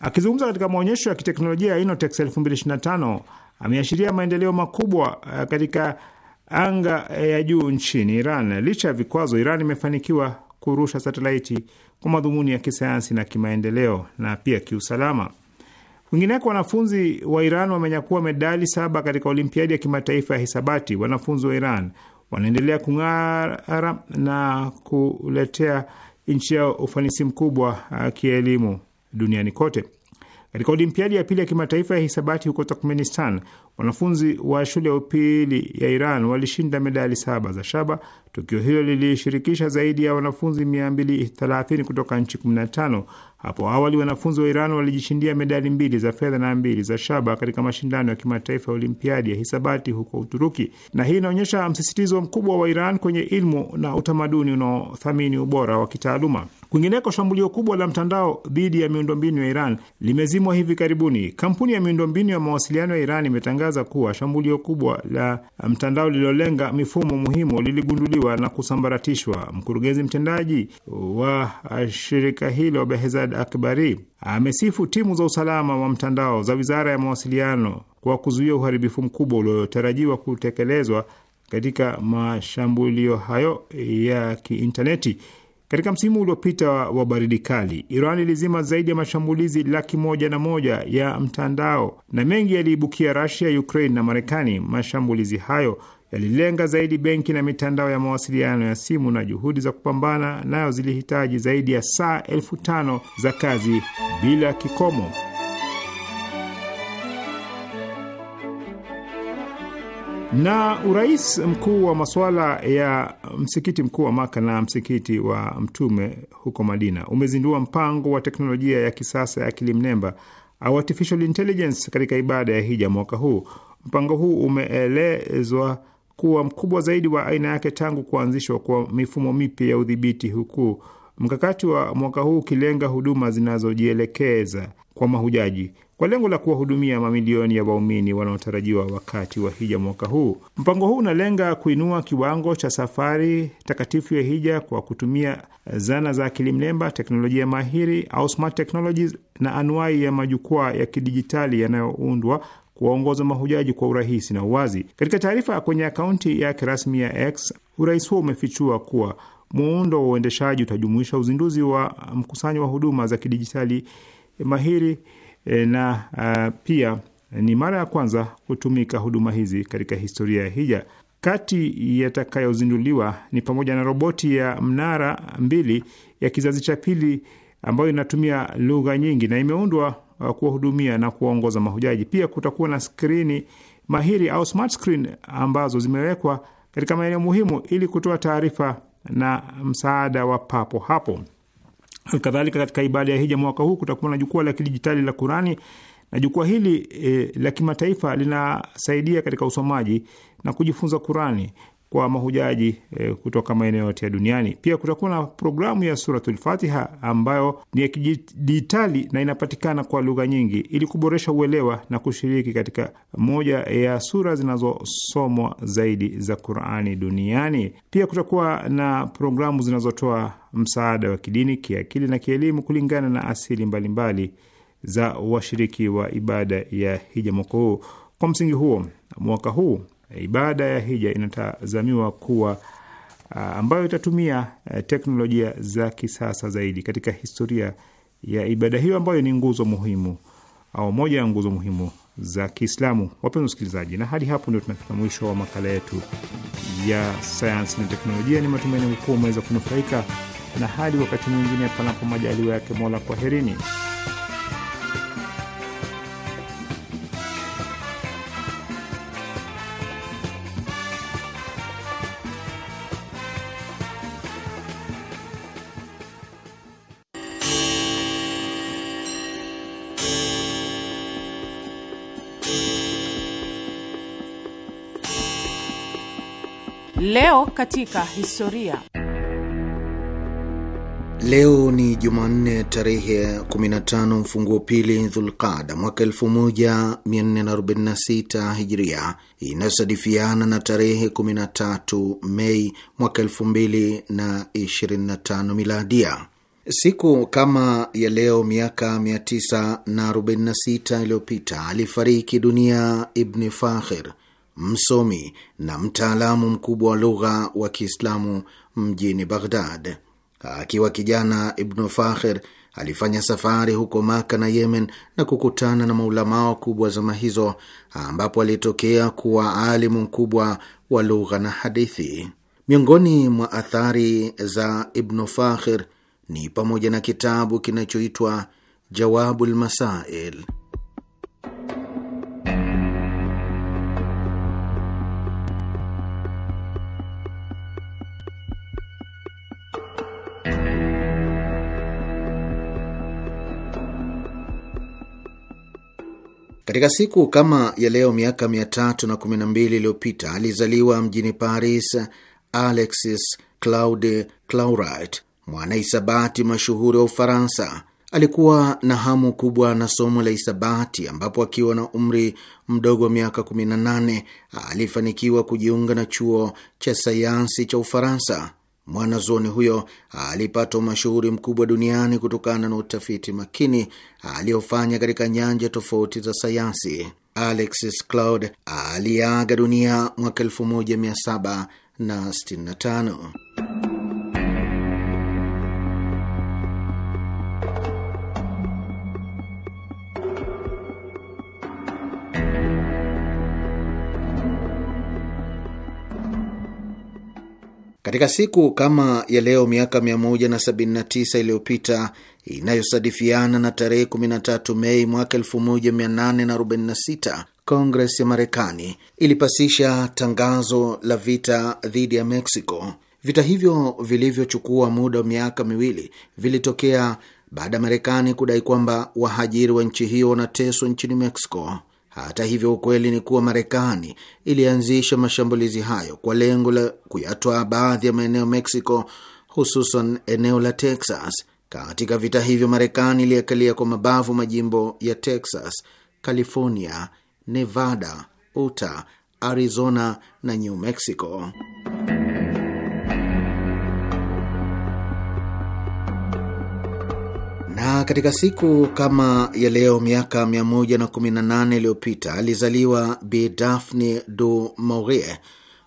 Akizungumza katika maonyesho ya kiteknolojia ya Inotex 2025 ameashiria maendeleo makubwa eh, katika anga eh, ya juu nchini Iran. Licha ya vikwazo, Iran imefanikiwa kurusha satelaiti kwa madhumuni ya kisayansi na kimaendeleo na pia kiusalama. Kwingineko, wanafunzi wa Iran wamenyakua medali saba katika olimpiadi ya kimataifa ya hisabati. Wanafunzi wa Iran wanaendelea kung'ara na kuletea nchi yao ufanisi mkubwa uh, kielimu duniani kote. Katika Olimpiadi ya pili ya kimataifa ya hisabati huko Turkmenistan, Wanafunzi wa shule ya upili ya Iran walishinda medali saba za shaba. Tukio hilo lilishirikisha zaidi ya wanafunzi 230 kutoka nchi 15. Hapo awali wanafunzi wa Iran walijishindia medali mbili za fedha na mbili za shaba katika mashindano ya kimataifa ya Olimpiadi ya hisabati huko Uturuki, na hii inaonyesha msisitizo mkubwa wa Iran kwenye ilmu na utamaduni unaothamini ubora wa kitaaluma. Kwingineko, shambulio kubwa la mtandao dhidi ya miundombinu ya Iran limezimwa hivi karibuni. Kampuni ya miundombinu ya mawasiliano ya Iran imetangaza limetangaza kuwa shambulio kubwa la um, mtandao lililolenga mifumo muhimu liligunduliwa na kusambaratishwa. Mkurugenzi mtendaji wa uh, shirika hilo Behzad Akbari amesifu timu za usalama wa mtandao za wizara ya mawasiliano kwa kuzuia uharibifu mkubwa uliotarajiwa kutekelezwa katika mashambulio hayo ya kiintaneti katika msimu uliopita wa baridi kali, Iran ilizima zaidi ya mashambulizi laki moja na moja ya mtandao na mengi yaliibukia Rasia, Ukraine na Marekani. Mashambulizi hayo yalilenga zaidi benki na mitandao ya mawasiliano ya simu, na juhudi za kupambana nayo zilihitaji zaidi ya saa elfu tano za kazi bila kikomo. na urais mkuu wa masuala ya msikiti mkuu wa Maka na msikiti wa Mtume huko Madina umezindua mpango wa teknolojia ya kisasa ya akili mnemba au artificial intelligence katika ibada ya hija mwaka huu. Mpango huu umeelezwa kuwa mkubwa zaidi wa aina yake tangu kuanzishwa kwa mifumo mipya ya udhibiti, huku mkakati wa mwaka huu ukilenga huduma zinazojielekeza kwa mahujaji kwa lengo la kuwahudumia mamilioni ya waumini wanaotarajiwa wakati wa hija mwaka huu. Mpango huu unalenga kuinua kiwango cha safari takatifu ya hija kwa kutumia zana za akili mnemba, teknolojia mahiri au smart technologies na anuai ya majukwaa ya kidijitali yanayoundwa kuwaongoza mahujaji kwa urahisi na uwazi. Katika taarifa kwenye akaunti yake rasmi ya X, urais huo umefichua kuwa muundo wa uendeshaji utajumuisha uzinduzi wa mkusanyo wa huduma za kidijitali mahiri e, na uh, pia ni mara ya kwanza kutumika huduma hizi katika historia ya hija. Kati yatakayozinduliwa ni pamoja na roboti ya mnara mbili ya kizazi cha pili ambayo inatumia lugha nyingi na imeundwa kuwahudumia na kuwaongoza mahujaji. Pia kutakuwa na skrini mahiri au smart screen ambazo zimewekwa katika maeneo muhimu ili kutoa taarifa na msaada wa papo hapo. Kadhalika, katika ibada ya hija mwaka huu kutakuwa na jukwaa la kidijitali la kurani na jukwaa hili e, la kimataifa linasaidia katika usomaji na kujifunza kurani kwa mahujaji e, kutoka maeneo yote ya duniani. Pia kutakuwa na programu ya Suratul Fatiha ambayo ni ya kidijitali na inapatikana kwa lugha nyingi ili kuboresha uelewa na kushiriki katika moja ya sura zinazosomwa zaidi za Qurani duniani. Pia kutakuwa na programu zinazotoa msaada wa kidini, kiakili na kielimu kulingana na asili mbalimbali mbali za washiriki wa ibada ya hija mwaka huu. Kwa msingi huo mwaka huu Eh, ibada ya hija inatazamiwa kuwa ah, ambayo itatumia eh, teknolojia za kisasa zaidi katika historia ya ibada hiyo ambayo ni nguzo muhimu au moja ya nguzo muhimu za Kiislamu. Wapenzi wasikilizaji, na hadi hapo ndio tunafika mwisho wa makala yetu ya sayansi na teknolojia. Ni matumaini kuwa umeweza kunufaika, na hadi wakati mwingine, panapo majaliwa yake Mola, kwaherini. Leo katika historia. Leo ni Jumanne tarehe 15 mfunguo pili Dhulqada mwaka 1446 Hijria, inayosadifiana na tarehe 13 Mei mwaka 2025 Miladia. Siku kama ya leo miaka 946 iliyopita alifariki dunia Ibni Fakhir, msomi na mtaalamu mkubwa wa lugha wa Kiislamu mjini Baghdad. Akiwa kijana, Ibnu Fakhir alifanya safari huko Maka na Yemen na kukutana na maulamaa wakubwa zama hizo, ambapo alitokea kuwa alimu mkubwa wa lugha na hadithi. Miongoni mwa athari za Ibnu Fakhir ni pamoja na kitabu kinachoitwa Jawabul Masail. Katika siku kama ya leo miaka mia tatu na na kumi mbili iliyopita alizaliwa mjini Paris Alexis Claude Clairaut, mwanahisabati mashuhuri wa Ufaransa. Alikuwa na hamu kubwa na somo la hisabati, ambapo akiwa na umri mdogo wa miaka 18 alifanikiwa kujiunga na chuo cha sayansi cha Ufaransa. Mwanazuoni huyo alipata umashuhuri mkubwa duniani kutokana na utafiti makini aliyofanya katika nyanja tofauti za sayansi. Alexis Cloud aliyeaga dunia mwaka 1765. Katika siku kama ya leo miaka 179 iliyopita inayosadifiana na tarehe 13 Mei mwaka 1846 Kongres ya Marekani ilipasisha tangazo la vita dhidi ya Mexico. Vita hivyo vilivyochukua muda wa miaka miwili vilitokea baada ya Marekani kudai kwamba wahajiri wa nchi hiyo wanateswa nchini Mexico. Hata hivyo, ukweli ni kuwa Marekani ilianzisha mashambulizi hayo kwa lengo la kuyatwaa baadhi ya maeneo Mexico, hususan eneo la Texas. Katika vita hivyo, Marekani iliakalia kwa mabavu majimbo ya Texas, California, Nevada, Utah, Arizona na New Mexico. Na katika siku kama ya leo miaka 118 iliyopita alizaliwa Bi Daphne du Maurier,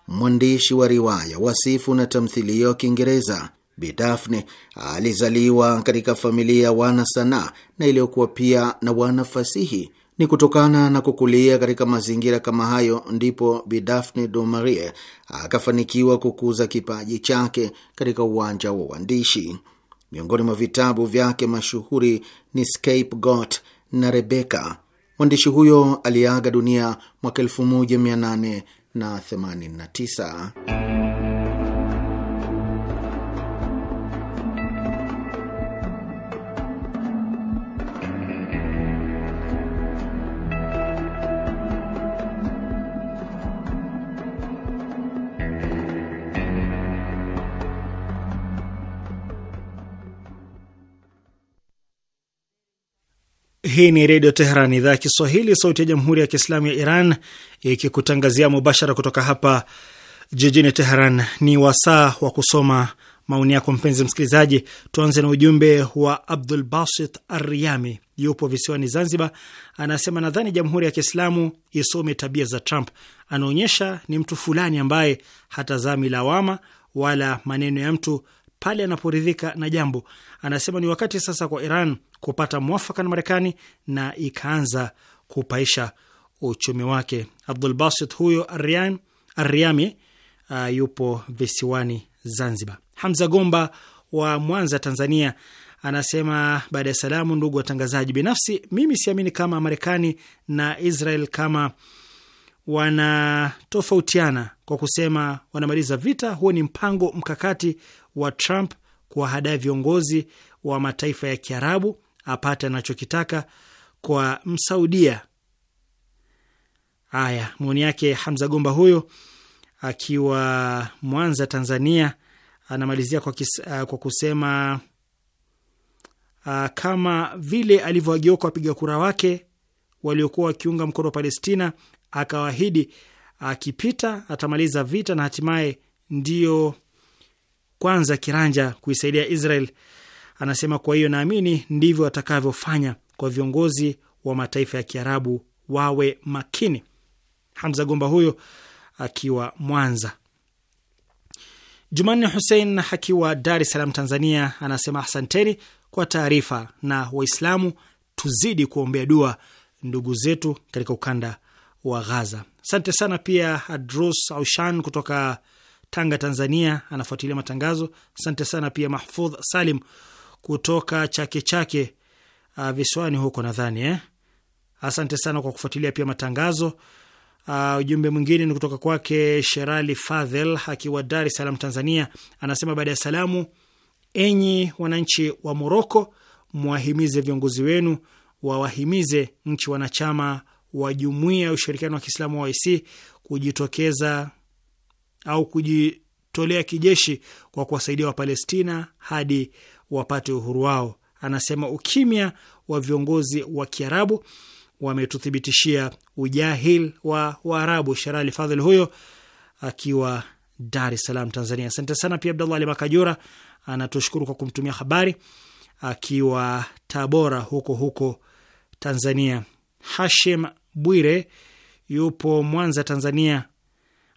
mwandishi wa riwaya, wasifu na tamthilia wa Kiingereza. Bi Daphne alizaliwa katika familia ya wana sanaa na iliyokuwa pia na wana fasihi. Ni kutokana na kukulia katika mazingira kama hayo ndipo Bi Daphne du Maurier akafanikiwa kukuza kipaji chake katika uwanja wa uandishi. Miongoni mwa vitabu vyake mashuhuri ni Scapegoat na Rebecca. Mwandishi huyo aliaga dunia mwaka 1889. Hii ni Redio Teheran, idhaa ya Kiswahili, sauti ya Jamhuri ya Kiislamu ya Iran, ikikutangazia mubashara kutoka hapa jijini Teheran. Ni wasaa wa kusoma maoni yako, mpenzi msikilizaji. Tuanze na ujumbe wa Abdul Basit Aryami, yupo visiwani Zanzibar, anasema nadhani Jamhuri ya Kiislamu isome tabia za Trump. Anaonyesha ni mtu fulani ambaye hatazami lawama wala maneno ya mtu pale anaporidhika na jambo. Anasema ni wakati sasa kwa Iran kupata mwafaka na Marekani na ikaanza kupaisha uchumi wake. Abdul Basit huyo Ariam, Ariami uh, yupo visiwani Zanzibar. Hamza Gomba wa Mwanza, Tanzania anasema baada ya salamu, ndugu watangazaji, binafsi mimi siamini kama Marekani na Israel kama wanatofautiana kwa kusema wanamaliza vita. Huo ni mpango mkakati wa Trump kuwahadaa viongozi wa mataifa ya Kiarabu apate anachokitaka kwa msaudia. Haya, maoni yake Hamza Gomba huyo akiwa Mwanza, Tanzania, anamalizia kwa, kis, uh, kwa kusema uh, kama vile alivyoagioka wapiga kura wake waliokuwa wakiunga mkono wa Palestina, akawaahidi uh, akipita uh, atamaliza vita na hatimaye ndio kwanza kiranja kuisaidia Israel Anasema kwa hiyo naamini ndivyo watakavyofanya kwa viongozi wa mataifa ya Kiarabu, wawe makini. Hamza Gomba huyo akiwa Mwanza. Jumanne Hussein akiwa Dar es Salaam, Tanzania, anasema asanteni kwa taarifa, na Waislamu tuzidi kuombea dua ndugu zetu katika ukanda wa Ghaza. Asante sana. Pia Adrus Aushan kutoka Tanga, Tanzania, anafuatilia matangazo. Asante sana pia Mahfudh Salim kutoka Chake Chake uh, visiwani huko nadhani eh? Asante sana kwa kufuatilia pia matangazo. Uh, ujumbe uh, mwingine ni kutoka kwake Sherali Fadhel akiwa Dar es Salaam, Tanzania. Anasema baada ya salamu, enyi wananchi wa Moroko, mwahimize viongozi wenu wawahimize nchi wanachama wa Jumuiya ya Ushirikiano wa Kiislamu wa IC kujitokeza au kujitolea kijeshi kwa kuwasaidia Wapalestina hadi wapate uhuru wao. Anasema ukimya wa viongozi wa Kiarabu wametuthibitishia ujahil wa Waarabu. Sherali Fadhil huyo akiwa Dar es Salaam, Tanzania. Asante sana pia. Abdallah Ali Makajura anatushukuru kwa kumtumia habari akiwa Tabora huko huko Tanzania. Hashim Bwire yupo Mwanza, Tanzania,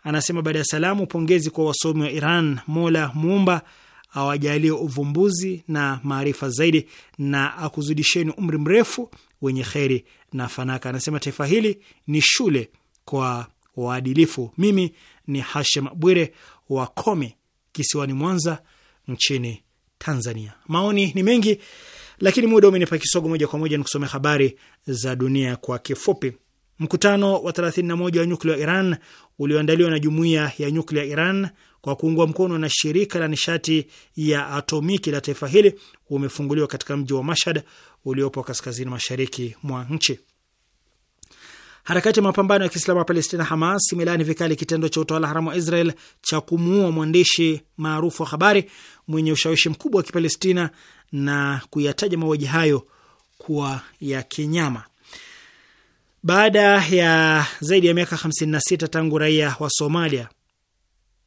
anasema baada ya salamu, pongezi kwa wasomi wa Iran, Mola Muumba awajalie uvumbuzi na maarifa zaidi na akuzidisheni umri mrefu wenye kheri na fanaka. Anasema taifa hili ni shule kwa waadilifu. Mimi ni Hashem Bwire wa Kome, kisiwani Mwanza, nchini Tanzania. Maoni ni mengi, lakini muda umenipa kisogo. Moja kwa moja kusomea habari za dunia kwa kifupi. Mkutano wa 31 wa nyuklia wa Iran ulioandaliwa na jumuiya ya nyuklia Iran kwa kuungwa mkono na shirika la nishati ya atomiki la taifa hili umefunguliwa katika mji wa Mashhad uliopo kaskazini mashariki mwa nchi. Harakati ya mapambano ya Kiislamu ya Palestina, Hamas, imelaani vikali kitendo cha utawala haramu wa Israel cha kumuua mwandishi maarufu wa habari mwenye ushawishi mkubwa wa Kipalestina na kuyataja mauaji hayo kuwa ya kinyama. Baada ya zaidi ya miaka 56 tangu raia wa Somalia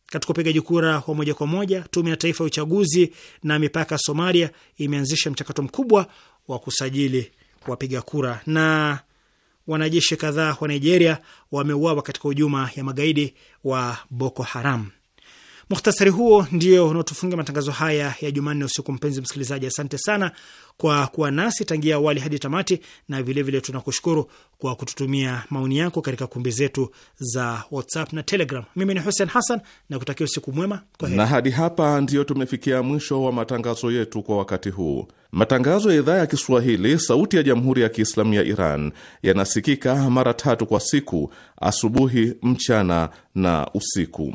katika upigaji kura wa moja kwa moja, tume ya taifa ya uchaguzi na mipaka ya Somalia imeanzisha mchakato mkubwa wa kusajili wapiga kura. Na wanajeshi kadhaa wa Nigeria wameuawa katika hujuma ya magaidi wa Boko Haram muhtasari huo ndio unaotufungia matangazo haya ya Jumanne usiku. Mpenzi msikilizaji, asante sana kwa kuwa nasi tangia awali hadi tamati, na vilevile tunakushukuru kwa kututumia maoni yako katika kumbi zetu za WhatsApp na Telegram. Mimi ni Hussein Hassan na kutakia usiku mwema, kwa heri. Na hadi hapa ndiyo tumefikia mwisho wa matangazo yetu kwa wakati huu. Matangazo ya idhaa ya Kiswahili, Sauti ya Jamhuri ya Kiislamu ya Iran yanasikika mara tatu kwa siku: asubuhi, mchana na usiku